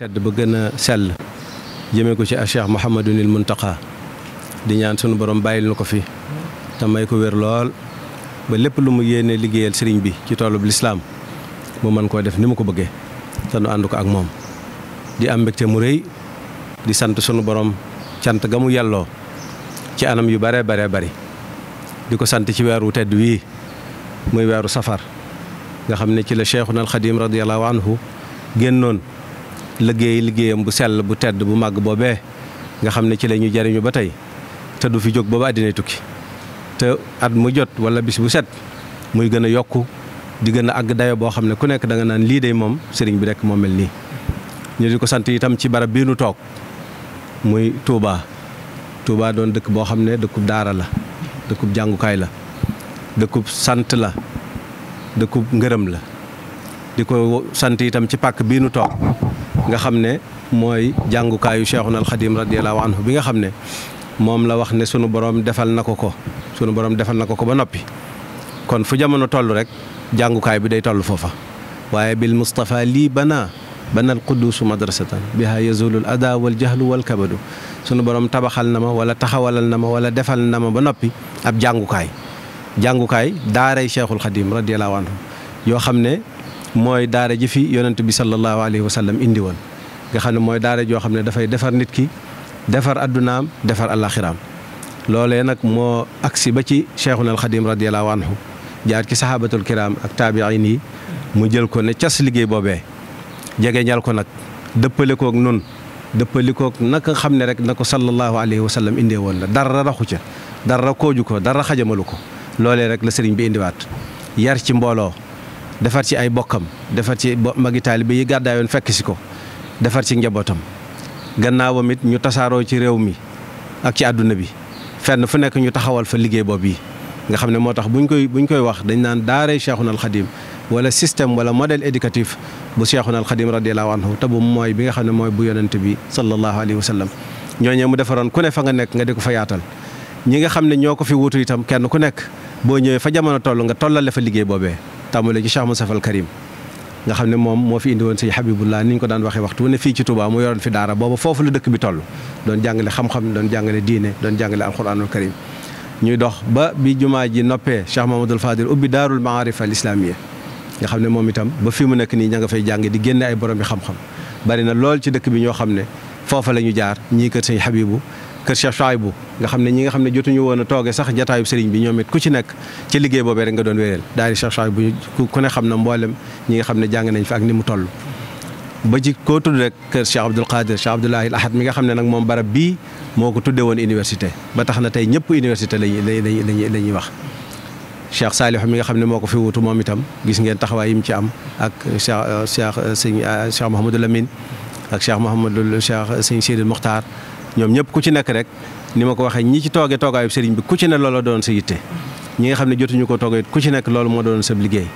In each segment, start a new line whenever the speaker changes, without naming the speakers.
tedd ba gën a sell jëmee ko ci a Cheikh Mouhamadunil Muntaqa di ñaan sunu borom bàyyil na ko fi te may ko wér lool ba lépp lu mu yéene liggéeyal sëriñ bi ci toolub lislaam mu mën koo def ni mu ko bëggee te nu ànd ko ak moom di am mbégte mu rëy di sant sunu boroom cant ga mu yàlloo ci anam yu bare bare bari di ko sant ci weeru tedd wii muy weeru safar nga xam ne ci la Cheikhuna al Xadim radiyallahu anhu génnoon liggéey liggéeyam bu sell bu tedd bu màgg boobee nga xam ne ci la ñuy jariñu ba tey te du fi jóg booba àddinay tukki te at mu jot wala bis bu set muy gën a yokku di gën a àgg dayo boo xam ne ku nekk da nga naan lii dey moom sëriñ bi rek moo mel nii ñu di ko sant itam ci barab bii nu toog muy Touba Touba doon dëkk boo xam ne dëkkub daara la dëkkub jàngukaay la dëkkub sant la dëkkub ngërëm la di ko sant itam ci pàkk bii nu toog nga xam ne mooy jàngukaayu Cheikhuna al Xadim radiyallahu anhu bi nga xam ne moom la wax ne sunu borom defal na ko ko sunu boroom defal na ko ko ba noppi kon fu jamono toll rek jàngukaay bi day toll foofa waaye bil Mustafa lii banaa bana al quddus madrasatan biha yazulu al ada wal jahlu wal kabadu sunu borom tabaxal na ma wala taxawalal na ma wala defal na ma ba noppi ab jàngukaay jàngukaay daaray cheikhul xadim radiallahu anhu yoo xam ne mooy daare ji fi yonent bi sallallahu alayhi wa sallam indi woon nga xam ne mooy daare joo xam ne dafay defar nit ki defar àddunaam defar alaxiraam loole nag moo agsi ba ci cheikhuna alxadim radiallahu anhu jaar ci sahabatul kiram ak taabiin yi mu jël ko ne cas liggéey boobee jege ñal ko nag dëppale kook nun dëppale koog naka xam ne rek na ko sallallahu alayhi wa sallam indee woon la dara raxu ca dara kooju ko dara xajamalu ko loole rek la sëriñ bi indiwaat yar ci mbooloo defar ci ay bokkam defar ci magi bi yi gàddaayoon fekk si ko defar ci njabootam gannaawam it ñu tasaaroo ci réew mi ak ci àdduna bi fenn fu nekk ñu taxawal fa liggéey boob yi nga xam ne moo tax buñ koy buñ koy wax dañ naan daaray Cheikhuna al Khadim wala système wala modèle éducatif bu Cheikhuna al Khadim radiyallahu anhu te bu mooy bi nga xam ne mooy bu yonent bi sallallahu alayhi wa ñoo ñooñee mu defaroon ku ne fa nga nekk nga di ko fa yaatal ñi nga xam ne ñoo ko fi wutu itam kenn ku nekk boo ñëwee fa jamono toll nga tollale fa liggéey boobee tàmbale ci Cheikh Moustapha al Karim nga xam ne moom moo fi indi woon sëñ laa ni ñu ko daan waxee waxtu ne fii ci Touba mu yoroon fi daara booba foofu la dëkk bi toll doon jàngale xam-xam doon jàngale diine doon jàngale alquranul karim ñuy dox ba bi jumaa ji noppee Cheikh Mamadou Fadil ubbi daarul maarif al islamiyya nga xam ne moom itam ba fi mu nekk nii ña nga fay jàng di génne ay borom bi xam-xam bari na lool ci dëkk bi ñoo xam ne foofa la ñu jaar ñii kër sëñ Habibu kër Cheikh Chouaïbou nga xam ne ñi nga xam ne jotuñu woon a tooge sax jataayub sëriñ bi ñoom it ku ci nekk ci liggéey boobee rek nga doon wéyal daari Cheikh Chouaïbou ku ne nga xam ne jàng nañ ak ni mu toll ba ci koo tudd rek kër Cheikh Abdoul Qadir Cheikh Abdoulahi mi nga xam ne nag moom barab bii moo ko tudde woon université ba tax na tey ñëpp université lañuy lañuy lañuy wax Cheikh Saliou mi nga xam ne moo ko fi wutu moom itam gis ngeen taxawaay yi mu ci am ak Cheikh Cheikh sëñ Cheikh Mouhamadou Lamine ak Cheikh Mouhamadou Cheikh sëñ Sidil Mokhtar ñoom ñëpp ku ci nekk rek ni ma ko waxee ñi ci tooge toogaayu sëriñ bi ku ci ne loola doon sa yitte ñi nga xam ne jotuñu ko toogee ku ci nekk loolu moo doon sa liggéey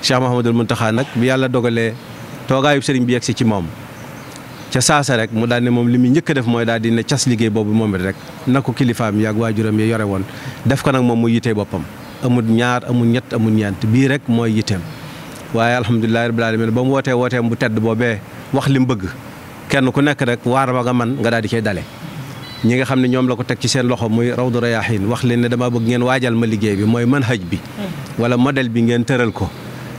Cheikh Mouhamadul Mountakha nag bi yàlla dogalee toogaayu sëriñ bi yegsi ci moom ca saasa rek mu daal ne moom li muy njëkk def mooy daal di ne cas liggéey boobu moom it rek na ko kilifaam yaag waajuram yi yore woon def ko nag moom mu yittee boppam amul ñaar amul ñett amul ñeent bii rek mooy yitteem waaye alhamdulilahi rabbil alamin ba mu wootee wooteem bu tedd boobee wax li mu bëgg kenn ku nekk rek waar ba nga man nga daal di cay dale ñi nga xam ne ñoom la ko teg ci seen loxo muy rawdu rayaahin wax leen ne damaa bëgg ngeen waajal ma liggéey bi mooy manhaj bi mm. wala modèle bi ngeen tëral ko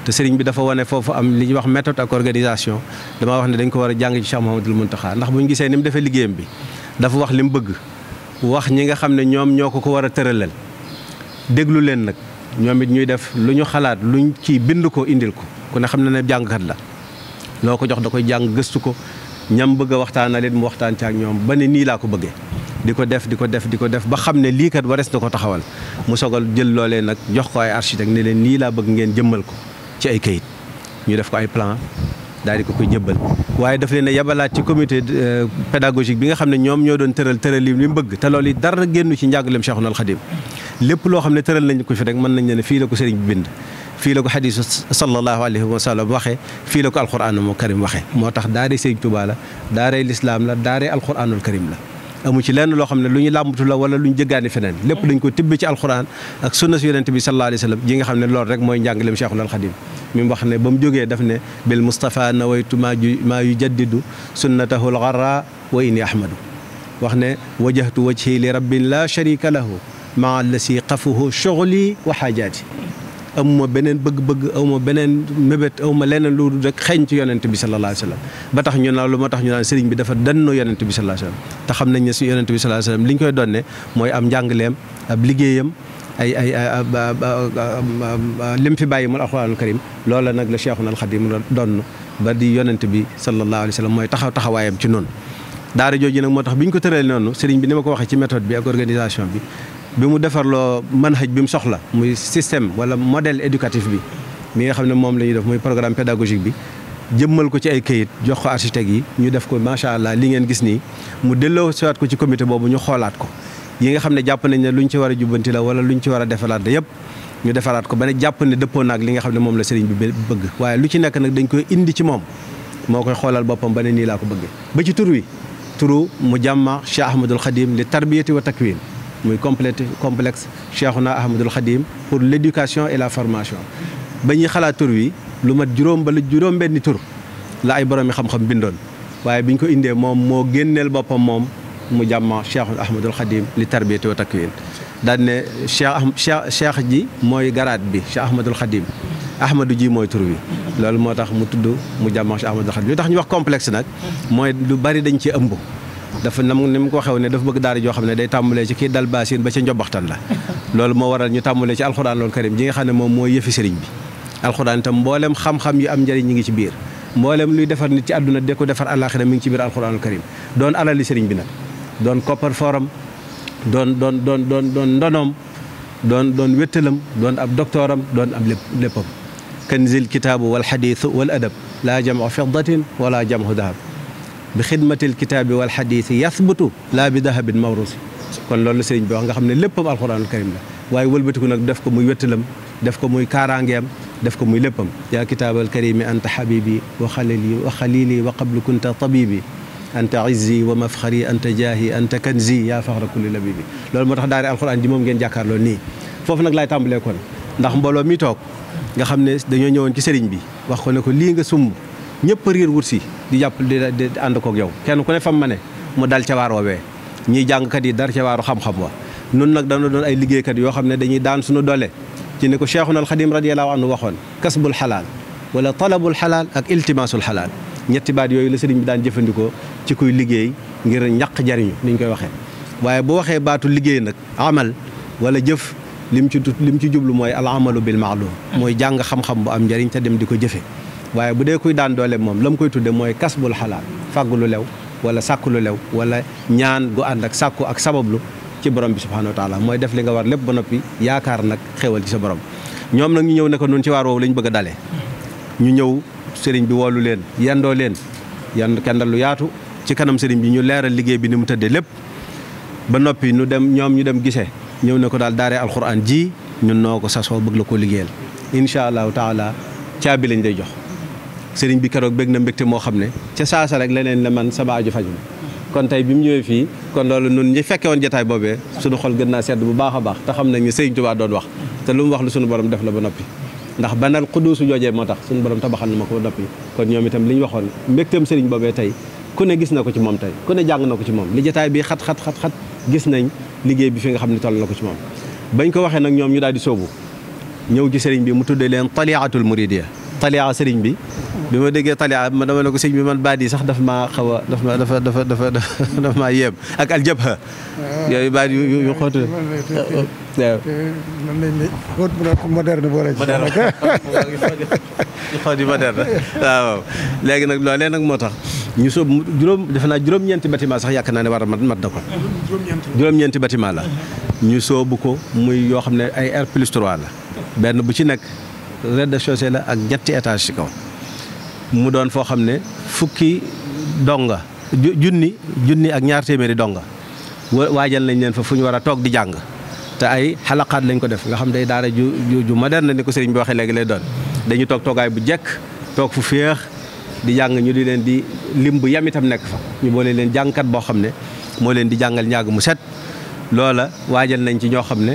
te sëriñ bi dafa wane foofu am li ñuy wax méthode ak organisation damaa wax ne dañ ko war a jàng ci Cheikh Mouhamadoul taxaa ndax buñu gisee ni mu defee liggéeyam bi dafa wax li mu bëgg wax ñi nga xam ne ñoom ñoo ko ko war a tëralal déglu leen nag ñoom it ñuy def lu ñu xalaat luñ kiy bind ko indil ko ku ne xam na ne jàngkat la loo ko jox da koy jàng gëstu ko ñam bëgg a waxtaanaleen mu waxtaan ci ak ñoom ba ne nii laa ko bëggee di ko def di ko def di ko def ba xam ne lii kat warees na ko taxawal mu sogal jël loolee nag jox ko ay architecte ne leen nii laa bëgg ngeen jëmmal ko ci ay kayit ñu def ko ay plan daal di ko koy jëbbal waaye daf leen a yabalaat ci comité euh, pédagogique bi nga xam ne ñoom ñoo doon tëral tëral yi mu bëgg te lool loolu dara génn ci njàngaleem Cheikhoul Khadim lépp loo xam ne tëral nañ ko fi rek mën nañ ne fii la ko sëriñ bi fii la ko xadiisu sallallahu alayhi wa sallam waxee fii la ko alxuraanul karim waxee moo tax daaray Sëriñ Tuubaa la daaray lislaam la daaray alxuraanul karim la amu ci lenn loo xam ne lu ñu làmbatu la wala lu ñu jëggaani feneen lépp dañ ko tibb ci alxuraan ak sunna su yonent bi sallallahu alayhi wa sallam nga xam ne loolu rek mooy njàngaleem Cheikhul Xadim mi mu wax ne ba mu jógee daf ne bil Mustafa nawaytu maa maa yu jaddidu sunnatahu lgarra wa inni ahmadu wax ne wajahtu wajhi li rabbin la sharika lahu maa allasi qafuhu shughli wa xaajaati amuma beneen bëgg-bëgg amuma beneen mébét amuma leneen lu rek xeeñ ci yonent bi sallallahu alayhi wa sallam ba tax ñu naan lu ma tax ñu naan sëriñ bi dafa dannoo yonent bi sallallahu alayhi wa sallam te xam nañ ne si yonent bi sallallahu alayhi wa sallam li ñu koy donne mooy am njàngaleem ab liggéeyam ay ay lim fi bàyyi mul alxuraanul karim loola nag la Cheikhuna alxadim donn ba di yonent bi sallallahu alayhi wa sallam mooy taxaw taxawaayam ci noonu daara jooju nag moo tax bi ñu ko tëralee noonu sëriñ bi ni ma ko waxee ci méthode bi ak organisation bi bi mu defarloo manhaj bi mu soxla muy système wala modèle éducatif bi mi nga xam ne moom la ñuy def muy programme pédagogique bi jëmmal ko ci ay këyit jox ko architecte yi ñu def ko macha allah li ngeen gis nii mu delloo siwaat ko ci comité boobu ñu xoolaat ko yi nga xam ne jàpp nañ lu ñu ci war a jubbanti la wala luñ ci war a defaraat la yëpp ñu defaraat ko ba ne jàpp ne dëppoo naag li nga xam ne moom la sëriñ bi bëgg waaye lu ci nekk nag dañ koy indi ci moom moo koy xoolal boppam ba ne nii laa ko bëgg ba ci tur wi turu mu jàmma Cheikh Ahmadul Khadim li tarbiyati wa takwin muy complété complexe Cheikhouna Ahmadoul Khadim pour léducation éducation et la formation ba ñuy xalaat tur wi lu mat juróom ba lu juróom-benni tur la ay boroomi xam-xam bindoon waaye bi ñu ko indee moom moo génneel boppam moom mu jàmma Cheikhouna Ahmadoul Khadim li tarbiyati wa takwin daan ne Cheikh ah Cheikh Cheikh ji mooy garaat bi Cheikh Ahmadoul Khadim Ahmadou ji mooy tur wi loolu moo tax mu tudd mu jàmma Cheikh Ahmadoul Khadim li tax ñu wax complexe nag mooy lu bari dañ ci ëmb. dafa nam ni mu ko waxee ne dafa bëgg daara joo xam ne day tàmbalee ci kii dal baasin ba ca njobaxtan la loolu moo waral ñu tàmbalee ci alxuraan loolu karim ji nga xam ne moom mooy yëfi sëriñ bi alxuraan itam mboolem xam-xam yi am njariñ ñi ngi ci biir mboolem luy defar nit ci àdduna de ko defar àllaaxira mi ngi ci biir alxuraanul karim doon alali sëriñ bi nag doon koppar forum doon doon doon doon doon ndonoom doon doon wéttalam doon ab doctoram doon ab lépp léppam kanzil kitaabu wal xadiisu wal adab laa jam'u fiddatin wala jam'u dahab bi xidmatil kitaabi wal xadiisi yasbutu laa bi dahabin mawrusi kon loolu sëriñ bi wax nga xam ne léppam alxuraanul karim la waaye wëlbatiku nag def ko muy wettalam def ko muy kaaraangeem def ko muy léppam yaa kitaabal karimi anta xabibi wa xalili wa xalili wa qablu kunta tabibi anta izzi wa mafxari anta jaahi anta kanzi yaa faxra kulli labibi loolu moo tax daare alxuraan ji moom ngeen jàkkaarloo nii foofu nag laay tàmbalee kon ndax mbooloo mi toog nga xam ne dañoo ñëwoon ci sëriñ bi wax ko ne ko lii nga sumb ñëpp riir wut si di jàpp di ànd kook yow kenn ku ne fam ma ne mu dal ca waar woowee ñiy kat yi dara ca waaru xam-xam wa nun nag dana doon ay liggéeykat yoo xam ne dañuy daan suñu doole ci ni ko cheikhuna alxadim radiallahu anhu waxoon kasbul xalaal wala talabul xalaal ak iltimaasul xalaal ñetti baat yooyu la sëriñ bi daan jëfandikoo ci koy liggéey ngir ñaq jariñu niñ koy waxee waaye bu waxee baatu liggéey nag amal wala jëf lim ci lim ci jublu mooy al amalu bil maalum mooy jàng xam-xam bu am njariñ te dem di ko jëfe waaye bu dee kuy daan doole moom la mu koy tudde mooy kas bul xalaal fàgg lu lew wala sàkk lu lew wala ñaan gu ànd ak sàkku ak sabablu ci borom bi subhanahu wa taala mooy def li nga war lépp ba noppi yaakaar nag xéwal ci sa borom ñoom nag ñu ñëw ne ko nun ci waar woowu la ñu bëgg a dalee ñu ñëw sëriñ bi woolu leen yandoo leen yan kendal lu yaatu ci kanam sëriñ bi ñu leeral liggéey bi ni mu tëddee lépp ba noppi nu dem ñoom ñu dem gise ñëw ne ko daal daaree alxuraan ji ñun noo ko sasoo bëgg la ko liggéeyal incha allahu taala caabi lañ day jox sëriñ bi keroog bëgg na mbégte moo xam ne ca saasa rek leneen la man sama aju faju kon tey bi mu ñëwee fii kon loolu nun ñi fekke woon jotaay boobee suñu xol gën naa sedd bu baax a baax te xam nañ ne sëriñ Tuubaa doon wax te lu mu wax lu suñu borom def la ba noppi ndax banal xuduusu joojee moo tax suñu borom tabaxal na ma ko ba noppi kon ñoom itam li ñu waxoon mbégteem sëriñ boobee tey ku ne gis na ko ci moom tey ku ne jàng na ko ci moom li jotaay bi xat xat xat xat gis nañ liggéey bi fi nga xam ne toll na ko ci moom bañ ko waxee nag ñoom ñu daal di soobu ñëw ci sëriñ bi mu tuddee leen taliatul muridiya taliyaa sëriñ bi bi ma déggee taliyaa ma dama ne ko sëriñ bi man baat yi sax daf maa xaw a daf ma dafa dafa dafa daf maa yéem ak aljabha ah. yooyu baat yu yu xóotu waaw moderne waaw léegi nag loolee nag moo tax ñu soob juróom defe naa juróom-ñeenti bâtiment sax yàkk naa ne war a mat mat na ko juróom-ñeenti bâtiment la ñu soobu ko muy yoo xam ne ay R plus la benn bu ci nekk rez-de-chaussée la ak ñetti étage ci kaw mu doon foo xam ne fukki donga junni junni ak ñaar téeméeri donga waajal nañ leen fa fu ñu war a toog di jàng te ay xalaqaat lañ ko def nga xam day daal ju ju moderne ni ko sëriñ bi waxee léegi lay doon dañu toog toogaay bu jekk toog fu féex di jàng ñu di leen di lim bu yam itam nekk fa ñu boole leen jàngkat boo xam ne moo leen di jàngal ñaag mu set loola waajal nañ ci ñoo xam ne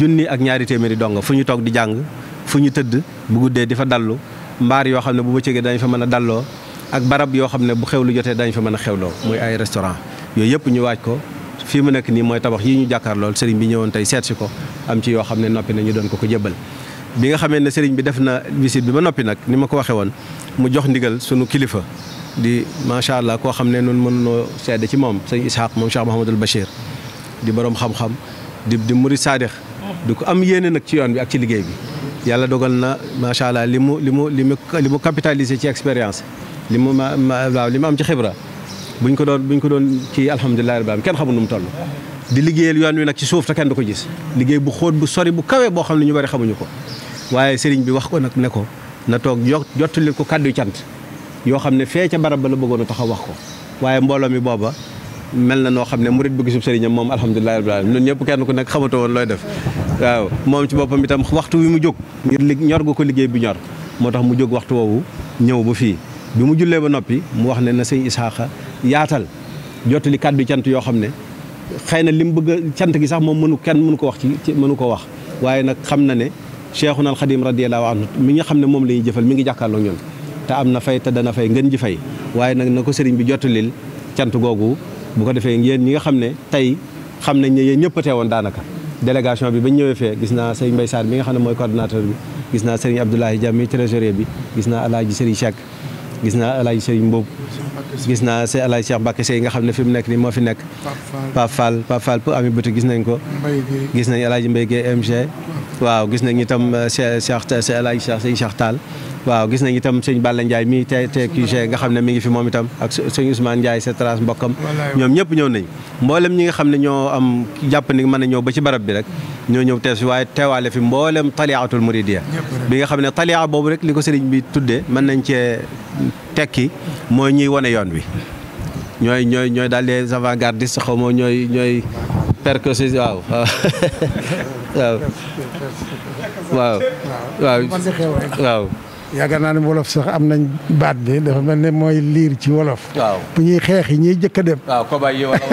junni ak ñaari téeméeri donga fu ñu toog di jàng fu ñu tëdd bu guddee di fa dallu mbaar yoo xam ne bu bëccëgee dañ fa mën a dalloo ak barab yoo xam ne bu xewlu jotee dañ fa mën a xewloo muy ay restaurant yooyu yëpp ñu waaj ko fii mu nekk nii mooy tabax yi ñu jàkkaar lool sëriñ bi ñëwoon tey seet si ko am ci yoo xam ne noppi na ñu doon ko ko jébbal bi nga xamee ne sëriñ bi def na visite bi ba noppi nag ni ma ko waxee woon mu jox ndigal sunu kilifa di macha allah koo xam ne noonu mën noo seede ci moom sëñ Ishaq moom Cheikh Mahamadul Bachir di borom xam-xam di di murid saadix di ko am yàlla dogal na macha allah li mu li mu li mu li mu capitalisé ci expérience li mu ma waaw li mu am ci xibra buñ ko doon bu buñ ko doon kii alhamdulilah rabbil alamin kenn xamul nu mu toll. di liggéeyal yoon wi nag ci suuf te kenn du ko gis liggéey bu xóot bu sori kawe boo xam ne ñu bari xamuñu ko waaye sëriñ bi wax ko nag ne ko na toog jottali ko kàddu cant yoo xam ne fee ca barab ba la bëggoon a taxaw wax ko waaye mbooloo mi booba mel na noo xam ne murit bu gisub sëriñam moom alhamdulilah rabbil alamin ñun ñëpp kenn ku nekk xamatoo woon looy def. waaw moom ci boppam itam waxtu wi mu jóg ngir li ñor gu ko liggéey bi ñor moo tax mu jóg waxtu woowu ñëw bu fii bi mu jullee ba noppi mu wax ne na sëñ Isaaxa yaatal jottali kàddu cant yoo xam ne xëy na li mu bëgg a cant gi sax moom mënu kenn mënu ko wax ci mënu ko wax waaye nag xam na ne Cheikhuna al Xadim radiyallahu anhu mi nga xam ne moom la ñuy jëfal mi ngi jàkkaarloo ñun te am na fay te dana fay ngeen ji fay waaye nag na ko sëriñ bi jottalil cant googu bu ko defee yéen ñi nga xam ne tey xam nañ ne yéen ñëpp a teewoon daanaka délégation bi bañ ñëwee fee gis naa Serigne Mbaye Sarr mi nga xam ne mooy coordonnateur bi gis naa Serigne Abdoulaye Dia mi trésorier bi gis naa El Hadj Serigne Cheikh gis naa El Hadj Serigne Mbow gis naa El Hadj Cheikh Mbacke Seye nga xam ne fi mu nekk nii moo fi nekk Pape Fall Pape Fall pour ami bëtu gis nañ ko gis nañ El Hadj Mbaye MG waaw gis nañ itam euh, Cheikh Cheikh El Hadj Cheikh Cheikh waaw gis nañ itam sëñ Balla Ndiaye mi te TQG nga xam ne mi ngi fi moom itam ak sëñ Ousmane Ndiaye sa trace mbokkam ñoom ñëpp ñëw nañ mbooleem ñi nga xam ne ñoo am jàpp ni mën a ñëw ba ci barab bi rek ñoo ñëw tees waaye teewaale fi mboolem taliatul muridiya bi nga xam ne talia boobu rek li ko sëriñ bi tuddee mën nañ cee tekki mooy ñuy wane yoon wi ñooy ñooy ñooy daal les avant-gardistes xaw ma ñooy ñooy percocé waaw waaw waaw waaw waaw yaakaar naa ne wolof sax am nañ baat bi dafa mel ne mooy liir ci wolof. waaw bu ñuy xeex yi ñuy jëkk a dem. waaw kobay yi wala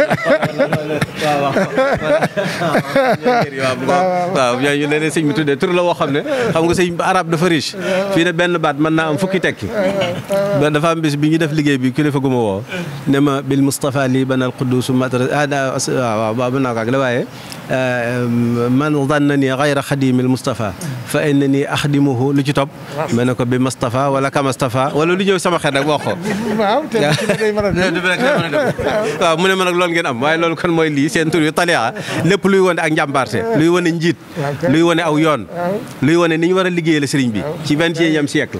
waaw ñooñu leneen sëñ bi tuddee tur la woo xam ne xam nga sëñ arab dafa riche fii ne benn baat mën naa am fukki tekki dafa am bis bi ñu def liggéey bi kilifa gu ma woo ne ma bil Mustafa lii banal quddus matras waaw waaw mën naa ko ak la waaye man dannani gayra xadimil Mustafa fa innani axdimuhu lu ci topp ma ne ko bi Moustapha wala Ka Moustapha wala lu ñëw sama xel rek wax ko. waaw a def mu ne man nag loolu ngeen am waaye loolu kon mooy lii seen tur yu taliya ah, lépp luy wane ak njàmbaarte luy wane njiit luy wone aw yoon luy wone ni ñu war a liggéeyee la sëriñ bi ci vingt-et-unième siècle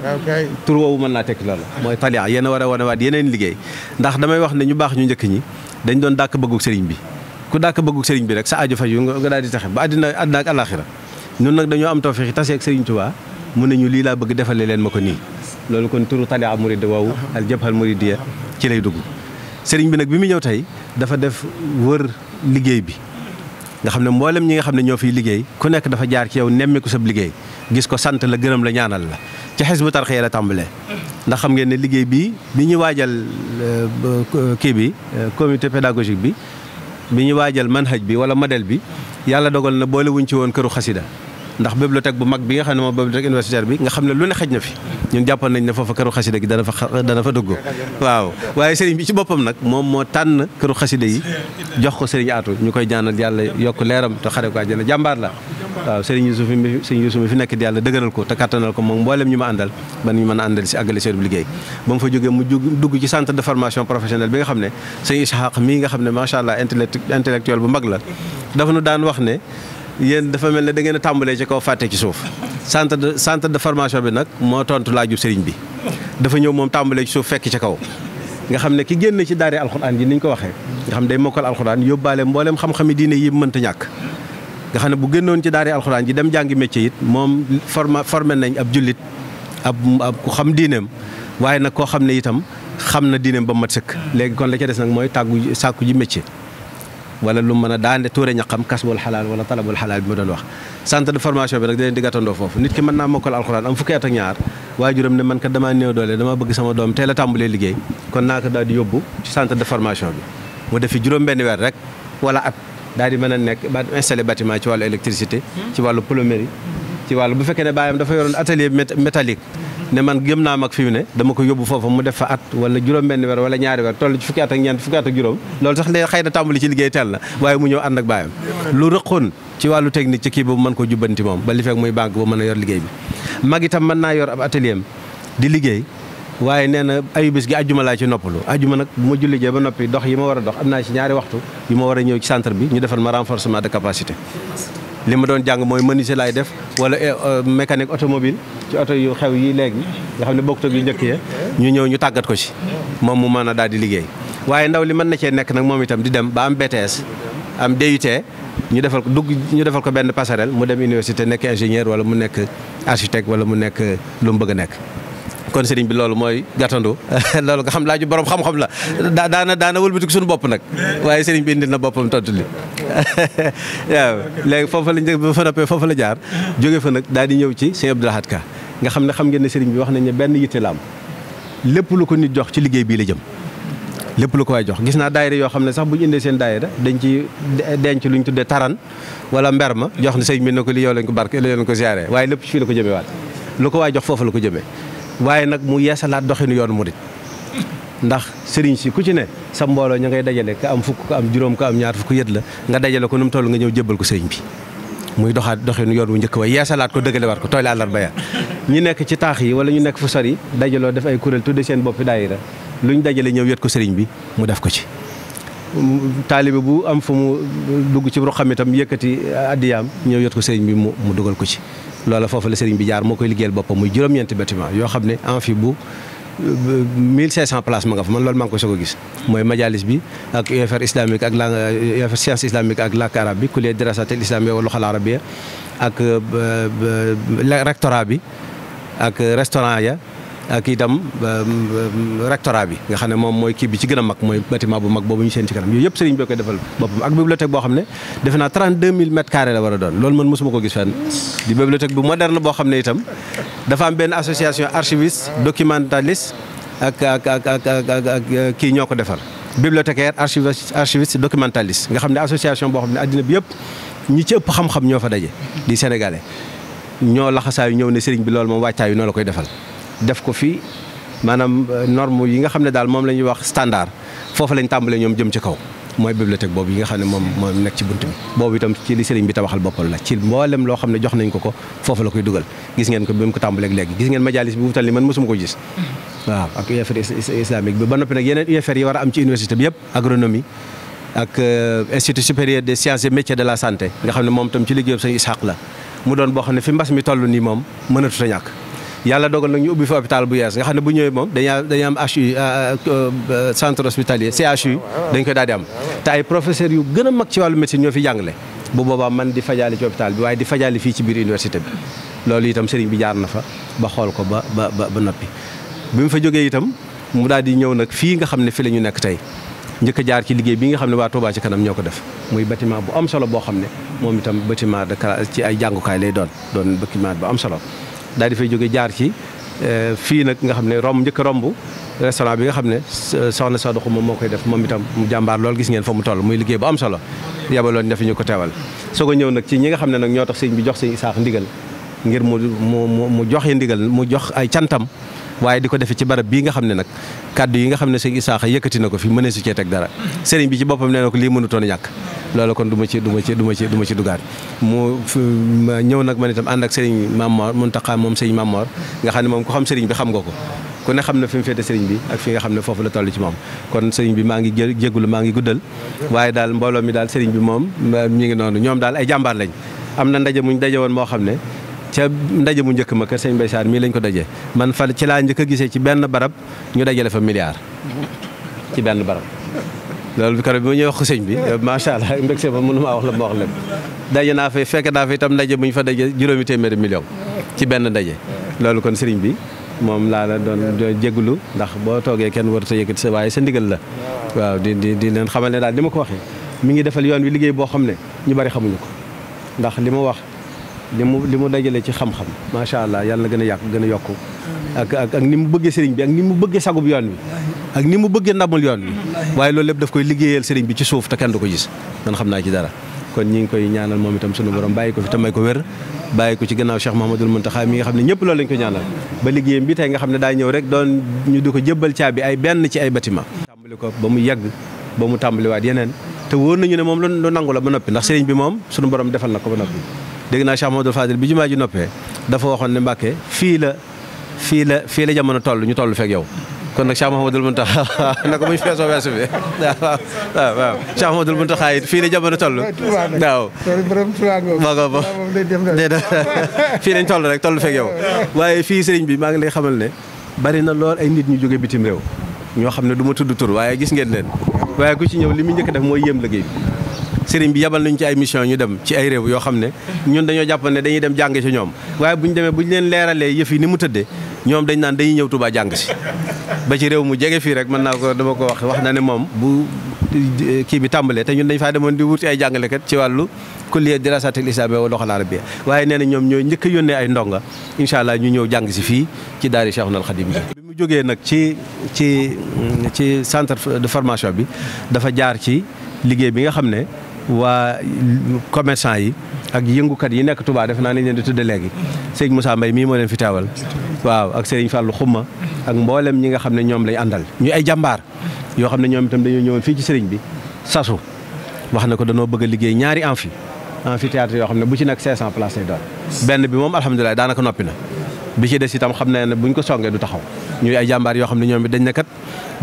tur woowu mën naa tekki loolu mooy taliya ah, yéen a war a wane waat yeneen liggéey ndax damay wax ne ñu baax ñu njëkk ñi dañ doon dàkk bëggu sëriñ bi ku dàkk bëggug sëriñ bi rek sa aajo faju nga daal di taxe ba àddina àddina dañoo am tawfeex tase ak mun ne ñu lii laa bëgg defalee leen ma ko nii loolu kon turu tadaa murid woowu al jabhal muridiyya ci lay dugg sëriñ bi nag bi mu ñëw tey dafa def wër liggéey bi nga xam ne mboolem ñi nga xam ne ñoo fiy liggéey ku nekk dafa jaar ci yow nemmiku sab liggéey gis ko sant la gërëm la ñaanal la ci Hizbut Tarqiyyah la tàmbalee ndax xam ngeen ne liggéey bi bi ñuy waajal euh, kii bi euh, comité pédagogique bi bi ñu waajal manhaj bi wala modèle bi yàlla dogal na boole ci woon këru xasida ndax bibliothèque bu mag bi nga xam ne moom bibliothèque universitaire bi nga xam ne lu ne xaj na fi ñun jàppoon nañ ne foofa këru xasida gi dana fa dugg waaw waaye sëriñ bi ci boppam nag moom moo tànn këru xasida yi jox ko sëriñ Aatu ñu koy ñaanal yàlla yokk leeram te xare ko àjjana jàmbaar la waaw sëriñ Yuusuf mi sëriñ Yuusuf mi fi nekk di yàlla dëgëral ko te kattanal ko moom mboolem ñu ma àndal ban ñu mën a àndal si àggale seen liggéey ba mu fa jógee mu dugg ci ne sëriñ Ishaq la dafa yéen dafa mel ne da ngeen a tàmbalee ci kaw fàtte ci suuf centre de centre de formation bi nag moo tontu laaju sëriñ bi dafa ñëw moom tàmbalee ci suuf fekk ci kaw nga xam ne ki génn ci daare alxuraan ji ni ñu ko waxee nga xam day mokkal alxuraan yóbbaale mbooleem xam-xami diine yi mënta ñàkk nga xam ne bu génnoon ci daare alxuraan ji dem jàngi métier it moom forma formé nañ ab jullit ab ab ku xam diineem waaye nag koo xam ne itam xam na diineem ba mat sëkk léegi kon la ca des nag mooy tàggu sàkku ji métier wala lu mu a daande tuure ñaqam kasbul xalaal wala talabul xalaal bi ma doon wax centre de formation bi rek da leen di gàttandoo foofu nit ki mën naa mokkal alxuraan am fukki at ak ñaar waajuram ne man kat damaa néew doole dama bëgg sama doom teel a tàmbalee liggéey kon naa ko daal di yóbbu centre de formation bi mu defi juróom benn weer rek wala at daal di mën a nekk ba installé bâtiment ci wàllu électricité ci wàllu plomberie ci wàllu bu fekkee ne man gëm naa mag fi mu ne dama ko yóbbu foofa mu def fa at wala juróom-benn weer wala ñaari weer toll ci fukki at ak ñeent fukki at ak juróom loolu sax léegi xëy na tàmbali ci liggéey teel na waaye mu ñëw ànd ak baayam lu rëqoon ci wàllu technique ci kii boobu mën ko jubbanti moom ba li fekk muy banque boobu mën a yor liggéey bi mag itam mën naa yor ab atelier di liggéey waaye nee na ayu bis gi ajjuma laa ci noppalu ajjuma nag bu ma julli jee ba noppi dox yi ma war a dox am naa ci ñaari waxtu yu ma war a ñëw ci centre bi ñu defal ma renforcement de capacité li ma doon jàng mooy menuisier laay def wala eh, euh, mécanique automobile ci oto yu xew yii léegi nga xam ne bokkut ak yu njëkk ya ñu ñëw ñu tàggat ko ci moom mu mën a daal di liggéey waaye ndaw li mën na cee nekk nag moom itam di dem ba am BTS am DUT ñu defal ko dugg ñu defal ko benn passerelle mu dem université nekk ingénieur wala mu nekk architecte wala mu nekk lu mu bëgg nekk kon sëriñ bi loolu mooy gàttandu loolu nga xam laaju borom xam-xam la daa daana daana wëlbatiku suñu bopp nag waaye sëriñ bi indil na boppam tontu li waaw léegi foofa la ba fa noppee foofa la jaar jóge fa nag daal di ñëw ci sëñ Abdou Lahad nga xam ne xam ne sëriñ bi wax nañ ne benn yitte la am lu ko nit jox ci liggéey bii la jëm lépp lu ko waay jox gis naa daayira yoo xam ne sax bu ñu indee seen daayira dañ ci denc lu ñu tuddee taran wala mber ma jox ne sëriñ bi ne ko li yow waaye lépp ci ko jëmewaat lu ko waay jox foofu la ko jëmee waaye nag mu yeesalaat doxinu yoonu murit ndax sëriñ si ku ci ne sa mbooloo ñu ngay dajale ka am fukk ka am juróom ka am ñaar fukk yët la nga dajale ko nu mu toll nga ñëw jébbal ko sëriñ bi muy doxaat doxinu yoon wu njëkk wa yeesalaat ko dëggalewaat ko tooy la àllarba ya ñu nekk ci taax yi wala ñu nekk fu sori dajaloo def ay kuréel tudde seen boppi daayira lu luñ dajale ñëw yet ko sëriñ bi mu def ko ci taalibe bu am fu mu dugg ci ruxam itam yëkkati addiyaam ñëw yët ko bi mu dugal ko ci loola foofu la sëriñ bi jaar moo koy liggéeyal boppam muy juróom-ñeenti bâtiment yoo xam ne amphi bu 1500 euh, places ma nga fa man loolu maa ngi ko soog a gis mooy majalis bi ak UFR islamique ak la euh, UFR science islamique ak làkk arab bi kulliyat dirasatil islamiyya wal luxal arabiyya ak euh, rectorat bi ak restaurant ya ak itam euh, rectorat bi nga xam ne moom mooy kii bi ci gën a mag mooy bâtiment bu mag boobu ñu seen ci kanam yooyu yëpp sëriñ bi koy defal boppam ak bibliothèque boo xam ne defe naa 32 000 mètres carrés la war a doon loolu man mosuma ko gis fenn di bibliothèque bu moderne boo xam ne itam dafa am benn association archiviste documentaliste ak ak ak ak ak kii ñoo ko defar bibliothécaire archiviste archiviste documentaliste nga xam ne association boo xam ne addina bi ëpp xam-xam ñoo fa daje di sénégalais ñoo laxasaayu ñëw ne sëriñ bi loolu moom wàccaayu noo la koy defal def ko fi maanaam euh, norme yi nga xam ne daal moom la ñuy wax standard foofu lañ tàmbalee ñoom jëm ci kaw mooy bibliothèque boobu yi nga xam ne moom moo nekk ci bunt bi boobu itam ci li sëriñ bi tabaxal boppal la ci mboolem loo xam ne jox nañ ko ko foofu la koy dugal gis ngeen ko bi mu ko tàmbaleeg léegi gis ngeen majalis bi wutal ni man mosuma ko gis waaw ak UFR islamique ba noppi nag yeneen UFR yi war a am ci université bi yëpp agronomie ak euh, institut la santé nga xam moom itam ci liggéeyam sëñ Ishaq la mu doon boo moom mënatu ta yàlla dogal nag ñu ubbi fi hôpital bu yees nga xam ne bu ñëwee moom dañaa dañuy am HU euh, euh, euh, centre hospitalier CHU dañ koy daal di am te ay professeurs yu gën a mag ci wàllu médecine ñoo fi jàngale bu boobaa man di fajaale ci hôpital bi waaye di fajaale fii ci biir université bi loolu itam sëriñ bi jaar na fa ba xool ko ba ba ba noppi bi mu fa jógee itam mu daal di ñëw nag fii nga xam ne fi la ñu nekk tey njëkk jaar ci liggéey bi nga xam ne waa Touba ci kanam ñoo ko def muy bâtiment bu am solo boo xam ne moom itam bâtiment de ci ay jàngukaay lay doon doon bâtiment bu am solo daal di fay jóge jaar ci euh, fii nag nga xam ne romb njëkk romb restaurant bi nga xam ne euh, soxna Sadou moom moo koy def moom itam mu jàmbaar lool gis ngeen fa mu toll muy liggéey bu am solo yabaloon na fi ñu ko teewal. soo ko ñëw nag ci ñi nga xam ne nag ñoo tax sëñ bi jox sëñ Isaax ndigal ngir mu mu mu joxe ndigal mu jox ay cantam waaye di ko defee ci barab bii nga xam ne nag kàddu yi nga xam ne sëñ Isaaxa yëkkati na ko fi mënee su cee teg dara sëriñ bi ci boppam nee na ko lii mënutoon ñàkk loolu kon du ma ci du ma ci ma ci du ma ci dugaat mu ñëw nag man itam ànd ak sëriñ Mamor Muntaxa moom nga xam ne moom ko xam sëriñ bi xam nga ko ku ne xam ne fi mu féete sëriñ bi ak fi nga xam ne foofu la tollu ci moom kon sëriñ bi maa ngi jéggulu maa ngi guddal waaye daal mbooloo mi daal sëriñ bi moom ñu ngi noonu ñoom daal ay jàmbaar lañ am na ndaje muñ daje woon moo xam ne ca ndaje mu njëkk ma kër sëñ Mbaye mii lañ ko dajee man fa ci laa njëkk a gisee ci benn barab ñu dajale fa milliard ci benn barab loolu bi keroog bi ma ñëw wax ko sëñ bi macha allah mbégte ma mënu maa wax la ma wax lépp daje naa fay fekk naa fa itam ndaje bu ñu fa daje juróomi téeméeri million ci benn ndaje loolu kon sëriñ bi moom laa la doon jégalu ndax boo toogee kenn warut a yëkkati sa waaye sa ndigal la waaw di di di leen xamal ne daal li ma ko waxee mi ngi defal yoon wi liggéey boo xam ne ñu bari xamuñu ko ndax li ma wax li mu li mu dajale ci xam-xam macha allah yàlla na gën a yàq gën a yokk ak ak mu bëggee sëriñ bi ak ni mu bëggee sagub yoon wi ak ni mu bëggee ndamul yoon wi waaye loolu lépp daf koy liggéeyal sëriñ bi ci suuf te kenn du ko gis man xam naa ci dara kon ñi ngi koy ñaanal moom itam sunu borom bàyyi ko fi ko wér bàyyi ko ci gannaaw Cheikh Mahamadul Muntaxa mi nga xam ne ñëpp ko ñaanal ba liggéeyam bi tey nga xam ne daa ñëw rek doon ñu di ko jébbal caabi ay benn ci ay bâtiment tàmbali ko ba mu yegg ba mu tàmbaliwaat yeneen te wóor nañu ne moom lu nangu la ba noppi ndax sëriñ bi moom sunu borom defal na ko ba noppi dégg naa Cheikh Mamadou Fadil bi jumaa ji noppee dafa waxoon ne Mbàkke fii la fii la fii la jamono toll ñu toll fekk yow kon nag Cheikh Mouhamadoul Mountakha na ko muy feesoo weesu bi waaw waaw waaw Cheikh Mouhamadoul Mountakha it fii la jamono toll fii lañ toll rek toll fekk yow waaye fii sëriñ bi maa ngi lay xamal ne bari na lool ay nit ñu jóge bitim réew ñoo xam ne du ma tudd tur waaye gis ngeen leen waaye ku ci ñëw li muy njëkk def mooy yéem liggéey bi sëriñ bi yabal nañu ci ay mission ñu dem ci ay réew yoo xam ne ñun dañoo jàpp ne dañuy dem jàng ci ñoom waaye bu ñu demee bu ñu leen leeralee yëf yi ni mu tëddee ñoom dañ naan dañuy ñëw Touba jàng si ba ci réew mu jege fii rek mën naa ko dama ko wax wax na ne moom bu kii bi tàmbalee te ñun dañ faa demoon di wuti ay jàngalekat ci wàllu kulliya dirasatil islamiyya wa loxal arabiyya waaye nee na ñoom ñoo njëkk yónnee ay ndonga incha allah ñu ñëw jàng si fii ci daari Cheikhoul Khadim bi bi mu jógee nag ci ci ci centre de formation bi dafa jaar ci liggéey bi nga xam ne waa commercant yi ak yëngukat yi nekk Touba def naa ne leen di tudde léegi sëriñ Moussa Mbaye mii moo leen fi teewal waaw ak sëriñ Fallou Xumma ak mboolem ñi nga xam ne ñoom lañ àndal ñu ay jàmbaar yoo xam ne ñoom itam dañoo ñëwal fii ci sëriñ bi sasu wax na ko danoo bëgg a liggéey ñaari enfi amphithéâtre yoo xam ne bu ci nekk 500 places lay doon benn bi moom alhamdulilah daanaka noppi na bi ci des itam xam ne ne buñ ko songee du taxaw ñuy ay jàmbaar yoo xam ne ñoom bi dañ ne kat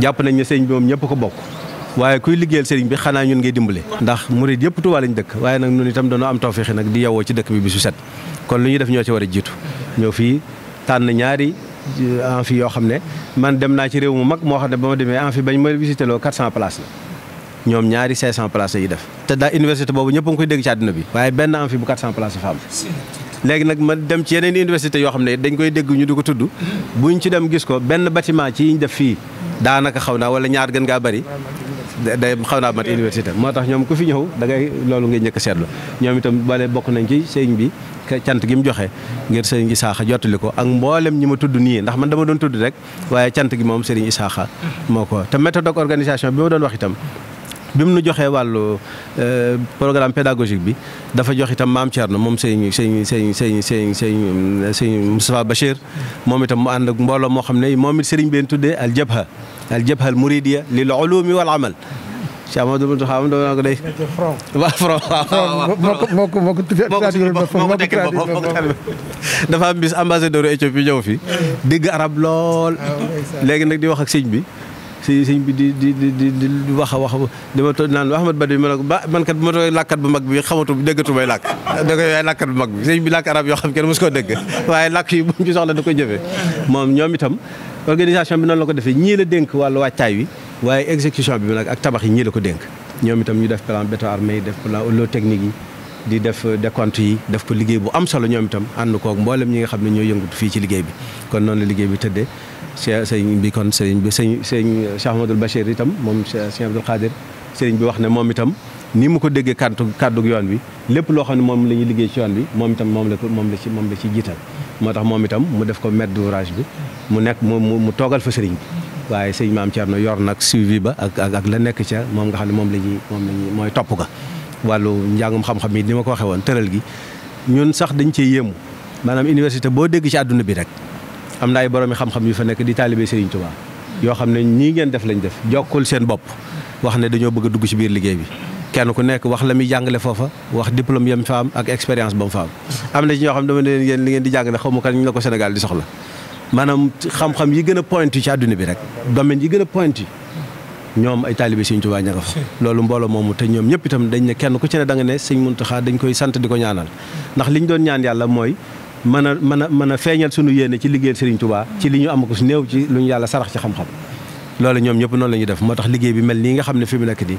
jàpp nañ ne sëriñ ñëpp ko bokk waaye kuy liggéeyal sëriñ bi xanaa ñun ngay dimbale ndax murid yëpp Tuubaa lañ dëkk waaye nag ñun itam dañoo am tawféex nag di yowoo ci dëkk bi bisu set kon lu ñuy def ñoo ci war a jiitu ñoo fii tànn ñaari euh, amphi yoo xam ne man dem naa ci réew mu mag moo xam ne ba demee amphi bañ ma visité loo 400 places la ñoom ñaari 500 places yi def te daa université boobu ñëpp koy dégg ci àdduna bi waaye benn amphi bu 400 places fa léegi nag ma dem ci yeneen université yoo xam ne dañ koy dégg ñu di ko tudd ñu ci dem gis ko benn bâtiment ci yiñ def fii daanaka xaw naa wala ñaar gën ngaa bari day xaw naa mat université moo tax ñoom ku fi ñëw dangay loolu ngay njëkk seetlu ñoom itam bale bokk nañ ci sëñ bi cant gi mu joxe ngir sëriñ Isaaxa jottali ko ak mboolem ñi ma tudd nii ndax man dama doon tudd rek waaye cant gi moom sëriñ Isaaxa moo ko te méthode organisation bi ma doon wax itam bi mu nu joxee wàllu euh, programme pédagogique bi dafa jox itam maam Thierno moom sëñ sëñ sëñ sëñ sëñ sëñ sëñ Moustapha Bachir moom itam mu ànd ak mbooloo moo xam ne moom it sëriñ been tuddee al jabha al jabha al muridiya lil ulumi wal amal am doon naa ko day. dafa am bis Éthiopie ñëw fi dégg arab lool. Ah, léegi nag di wax ak bi si sëñ bi di di di di wax a wax dama toog naan Ahmad Badawi ma ne ko man kat bu ma tooy làkkat bu mag bi xamatu déggatu may lakk da koy yaay làkkat bu mag bi sëñ bi làkk arab yoo xam kenn mos koo dégg waaye làkk yi bu ñu ci soxla da koy jëfee moom ñoom itam. organisation bi noonu la ko defee ñii la dénk wàllu waajtaay wi waaye exécution bi nag ak tabax yi ñii la ko dénk ñoom itam ñu def plan béton armé yi def plan eau technique yi di def décompte yi def ko liggéey bu am solo ñoom itam ànd kook mboolem ñi nga xam ne ñoo yëngatu fii ci liggéey bi kon noonu la liggéey bi tëddee sëriñ bi kon sëriñ bi sëriñ sëriñ Cheikh Ahmadul Bachir itam moom sëriñ Abdul Xaadir sëriñ bi wax ne moom itam ni mu ko déggee kàddu kàddu yoon bi lépp loo xam ne moom la ñuy liggéey ci yoon bi moom itam moom la moom la moom la ci moo tax moom itam mu def ko maître d'ouvrage bi mu nekk mu mu toogal fa sëriñ bi waaye sëñ maam na yor nag suivi ba ak ak la nekk ca moom nga xam ne moom la ñuy moom la ñuy mooy topp ka wàllu njàngum xam-xam yi ni ma ko waxee woon tëral gi ñun sax dañ cee yéemu maanaam université boo dégg ci àdduna bi rek am na ay boroomi xam-xam yu fa nekk di taalibe Serigne Touba yoo xam ne ñii ngeen def lañ def jokkul seen bopp wax ne dañoo bëgg a dugg ci biir liggéey bi kenn ku nekk wax la muy jàngale foofa wax diplôme yam fa am ak expérience ba mu fa am am na ci xam ne dama ne leen di jàngale la maanaam xam-xam yi gën point pointu ci àdduna bi rek domaine yi gën a pointu ñoom ay taalibe Sëñ Tuubaa ña nga fa loolu mbooloo moomu te ñoom ñëpp itam dañ ne kenn ku ci ne danga nga ne Sëñ Muntaxa dañ koy sant di ko ñaanal ndax li ñu doon ñaan yàlla mooy mën a mën a mën a feeñal suñu yéene ci liggéeyal Sëriñ Tuubaa ci li ñu am ko su néew ci lu ñu yàlla sarax ci xam-xam loolu ñoom ñëpp noonu la ñuy def moo tax liggéey bi mel nii nga xam ne fi mu nekk di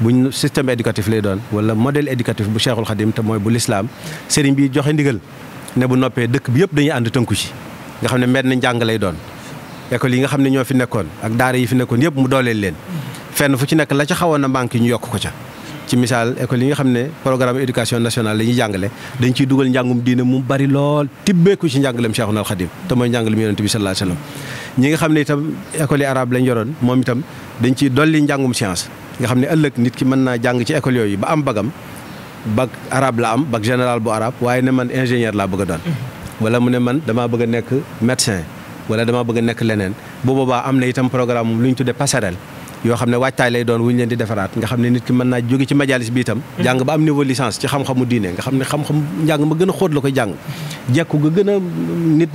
buñ système éducatif lay doon wala modèle éducatif bu Cheikhul Khadim te mooy bu lislaam sëriñ bi joxe ndigal ne bu noppee dëkk bi yëpp dañuy ànd tënku ci nga xam ne mbenn njàng lay doon école yi nga xam ne ñoo fi nekkoon ak daara yi fi nekkoon yëpp mu dooleel leen fenn fu ci nekk la ca xawoon a manqué ñu yokk ko ca ci misaal école yi nga xam ne programme éducation nationale la ñuy jàngale dañ ciy dugal njàngum diine mu bari lool tibbeeku ci njàngalem Cheikhul Khadim te mooy njàngalem yonent bi sallallahu alayhi wasallam ñi nga xam ne itam école yi arabe lañ yoroon moom itam dañ ciy dolli njàngum science nga xam ne ëllëg nit ki mën naa jàng ci école yooyu ba am bagam bac arabe am bac général bu arabe waaye ne man ingénieur laa bëgg a doon wala mu ne man damaa bëgg a nekk médecin wala damaa bëgg a nekk leneen bu boobaa am na itam programme lu ñu tuddee passerelle yoo xam ne waajtaay lay doon wuñu leen di defaraat nga xam ne nit ki mën naa jóge ci majalis bi itam jàng ba am niveau licence nga xam ne xam-xam njàng ma gën a xóot la koy jàng jekku ga gën a nit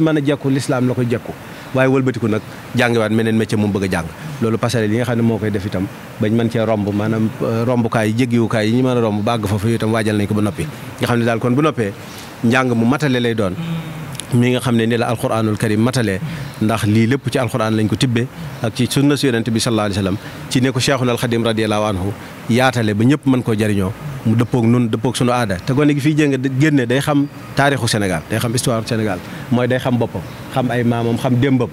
lislaam la koy jekku waaye wëlbatiku nag jàngiwaat meneen métier mu bëgg a jàng loolu passerelle yi nga xam ne moo koy def itam bañ mën cee romb maanaam euh, rombukaay jéggiwukaay yi ñu mën a romb bàgg foofu itam waajal nañ ko ba noppi nga xam ne daal kon bu noppee njàng mu matale lay doon mi nga xam ne ni la alquranul karim matale ndax lii lépp ci alquran lañ ko tibbee ak ci na si yonent bi sallallahu alayhi wasallam ci ne ko cheikhul alxadim radiallahu anhu yaatale ba ñëpp mën koo jariñoo mu dëppoog nun dëppoog sunu aada te gone gi fii jénga génne day xam taarixu Sénégal day xam histoire Sénégal mooy day xam boppam xam ay maamam xam démbam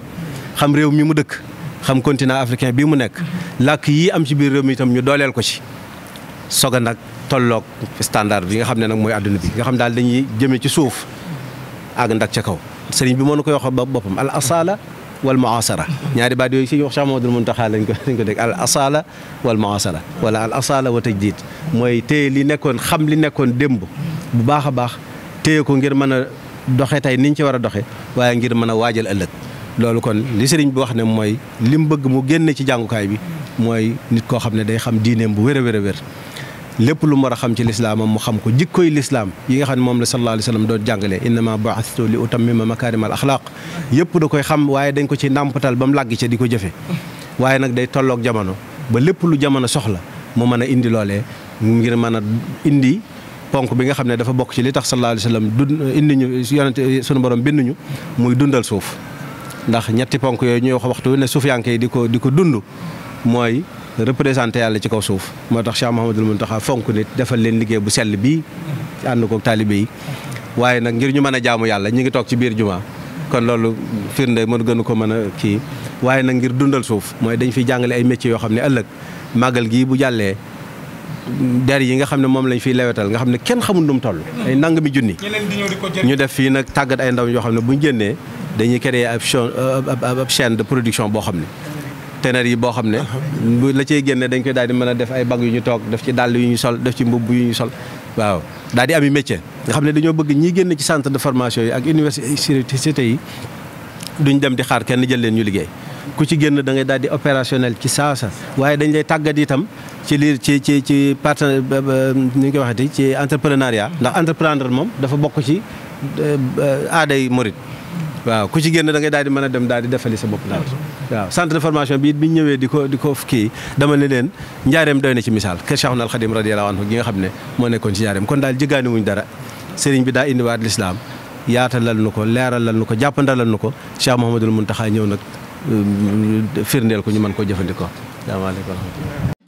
xam réew mi mu dëkk xam continent africain bii mu nekk làkk yii am ci biir réew mi itam ñu dooleel ko ci soga nag tolloog standard bi nga xam ne nag mooy àdduna bi nga xam daal dañuy jëmee ci suuf àgg ndak ca kaw sëriñ bi moo nu koy wax ba boppam al asala wal muasara ñaari baat yooyu si wax Cheikh Mamadou Mountakha lañ ko lañ ko dégg al asala wal muasara wala al asala wa tajdiid mooy téye li nekkoon xam li nekkoon démb bu baax a baax téye ko ngir mën a doxe tey niñ ci war a doxe waaye ngir mën a waajal ëllëg loolu kon li sëriñ bi wax ne mooy li mu bëgg mu génn ci jàngukaay bi mooy nit koo xam ne day xam diineem bu wér a wér a wér lépp lu mar a xam ci lislaamam mu xam ko jikkoy lislaam yi nga xam ne moom la sallallahu alayhi wa sallam doon jàngale innama bu'ithtu li utammima makaarimal axlaaq yëpp da koy xam waaye dañ ko ci nàmpatal ba mu làgg ca di ko jëfe waaye nag day tolloog jamono ba lépp lu jamono soxla mu mën a indi ngir mën a indi ponk bi nga xam ne dafa bokk ci li tax sallallahu alayhi wa sallam dund indi ñu yonente sunu borom bind ñu muy dundal suuf ndax ñetti ponk yooyu ñuy wax waxtu ne suufiyanke yi di ko di ko dund mooy représenté yàlla ci kaw suuf moo tax Cheikh Mouhamadul Mountakha fonk nit defal leen liggéey bu sell bii ànd koog taalibe yi waaye nag ngir ñu mën a jaamu yàlla ñu ngi toog ci biir jumaa kon loolu firnde mënu gënu ko mën a kii waaye nag ngir dundal suuf mooy dañ fi jàngale ay métiers yoo xam ne ëllëg màggal gii bu jàllee der yi nga xam ne moom lañ fiy lewetal nga xam ne kenn xamul nu mu toll ay nang mi junni ñu def fii nag tàggat ay ndaw yoo xam ne bu ñu génnee dañuy créer ab chaîne de production boo xam ne teneer yi boo xam ne la cey génne dañ koy daal di mën a def ay bag yu ñu toog def ci dàll yu ñu sol def ci mbubb yu ñu sol waaw daal di ami métier nga xam ne dañoo bëgg ñi génn ci centre de formation yi ak université yi duñ dem di xaar kenn jël leen ñu liggéey ku ci génn da ngay daal di opérationnel ci saasa waaye dañ lay tàggat tam ci liir ci ci ci partenaire ni ñu koy waxati ci entrepreneuriat ndax entreprendre moom dafa bokk ci euh, euh, aaday murit waaw ku ci génn da ngay daal di mën a dem daal di defali sa bopp daal waaw centre de formation bi bi ñëwee di ko di ko kii dama ne leen njaareem doy na ci misaal kër Cheikhul Khadim radiyallahu anhu gi nga xam ne moo nekkoon ci njaareem kon daal jëgaani dara sëriñ bi daa indiwaat lislaam yaatalal nu ko leeralal nu ko lal nu ko Cheikh Mouhamadul taxaa ñëw nag euh, firndeel ko ñu mën ko jëfandikoo salaamaaleykum